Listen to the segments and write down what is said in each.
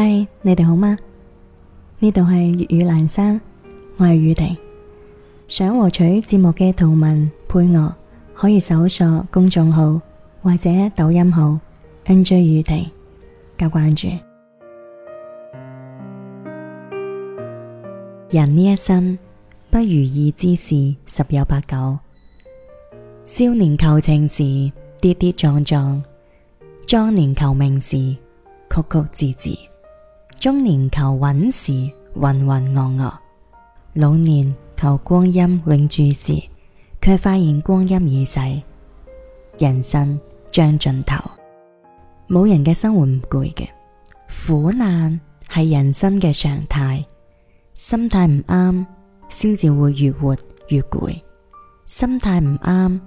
嗨，hey, 你哋好嗎？呢度係粵語蘭山，我係宇婷。想獲取節目嘅圖文配樂，可以搜索公眾號或者抖音號 NJ 宇婷加關注。人呢一生，不如意之事十有八九，少年求情時跌跌撞撞，壯年求名時曲曲折折。中年求穩時，渾渾噩噩；老年求光陰永駐時，卻發現光陰已逝，人生將盡頭。冇人嘅生活唔攰嘅，苦難係人生嘅常態。心態唔啱，先至會越活越攰。心態唔啱，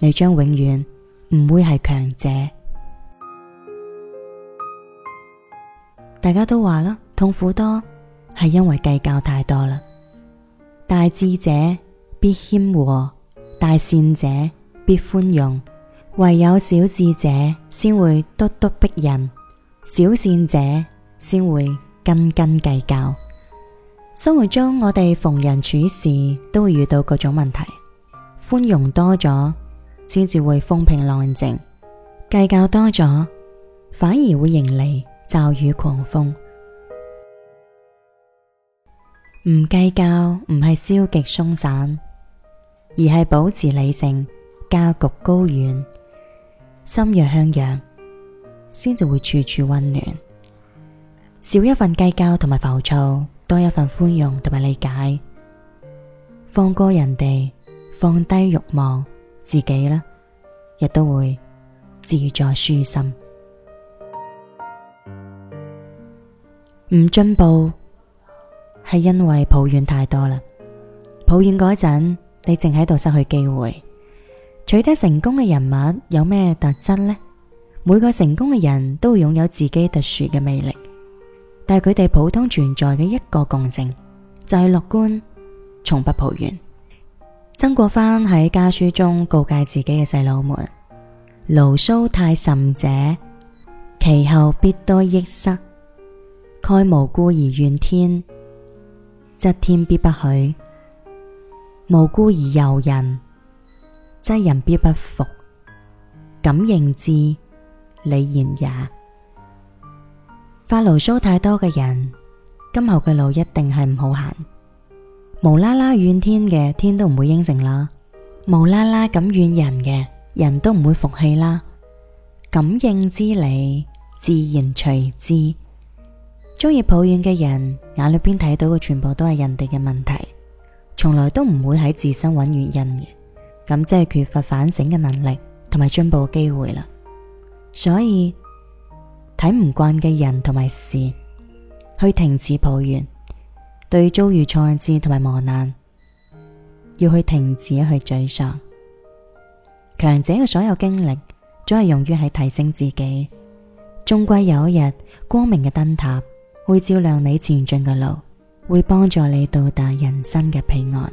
你將永遠唔會係強者。大家都話啦，痛苦多係因為計較太多啦。大智者必謙和，大善者必寬容，唯有小智者先會咄咄逼人，小善者先會斤斤計較。生活中我哋逢人處事都會遇到各種問題，寬容多咗，先至會風平浪靜；計較多咗，反而會迎嚟，驟雨狂風，唔計較唔係消極鬆散，而係保持理性，格局高遠，心若向陽，先至會處處溫暖。少一份計較同埋浮躁，多一份寬容同埋理解，放過人哋，放低欲望，自己呢，亦都會自在舒心。唔進步係因為抱怨太多啦。抱怨嗰陣，你淨喺度失去機會。取得成功嘅人物有咩特質呢？每個成功嘅人都會擁有自己特殊嘅魅力，但係佢哋普通存在嘅一個共性就係樂觀，從不抱怨。曾國藩喺家書中告誡自己嘅細佬們：牢騷太甚者，其後必多抑塞。蓋無故而怨天，則天必不許；無故而尤人，則人必不服。感應之理然也。發牢騷太多嘅人，今後嘅路一定係唔好行。無啦啦怨天嘅，天都唔會應承啦；無啦啦咁怨人嘅，人都唔會服氣啦。感應之理，自然隨之。中意抱怨嘅人，眼裏邊睇到嘅全部都係人哋嘅問題，從來都唔會喺自身揾原因嘅，咁即係缺乏反省嘅能力，同埋進步嘅機會啦。所以睇唔慣嘅人同埋事，去停止抱怨；對遭遇挫折同埋磨難，要去停止去沮喪。強者嘅所有經歷，總係用於喺提升自己。終歸有一日，光明嘅燈塔，會照亮你前進嘅路，會幫助你到達人生嘅彼岸。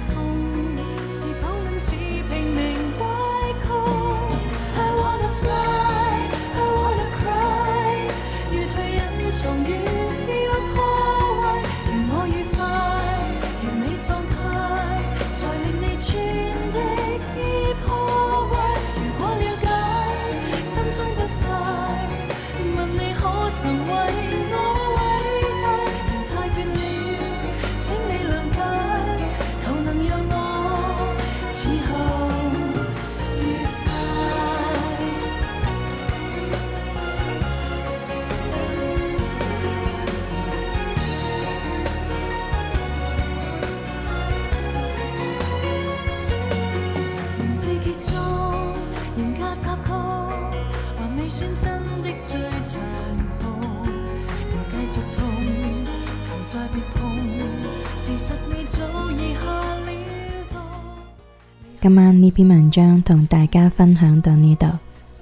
今晚呢篇文章同大家分享到呢度。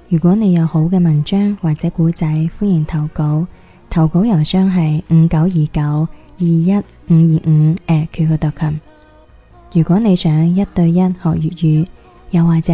如果你有好嘅文章或者故仔，歡迎投稿。投稿郵箱係五九二九二一五二五 @qq.com。如果你想一對一學粵語，又或者……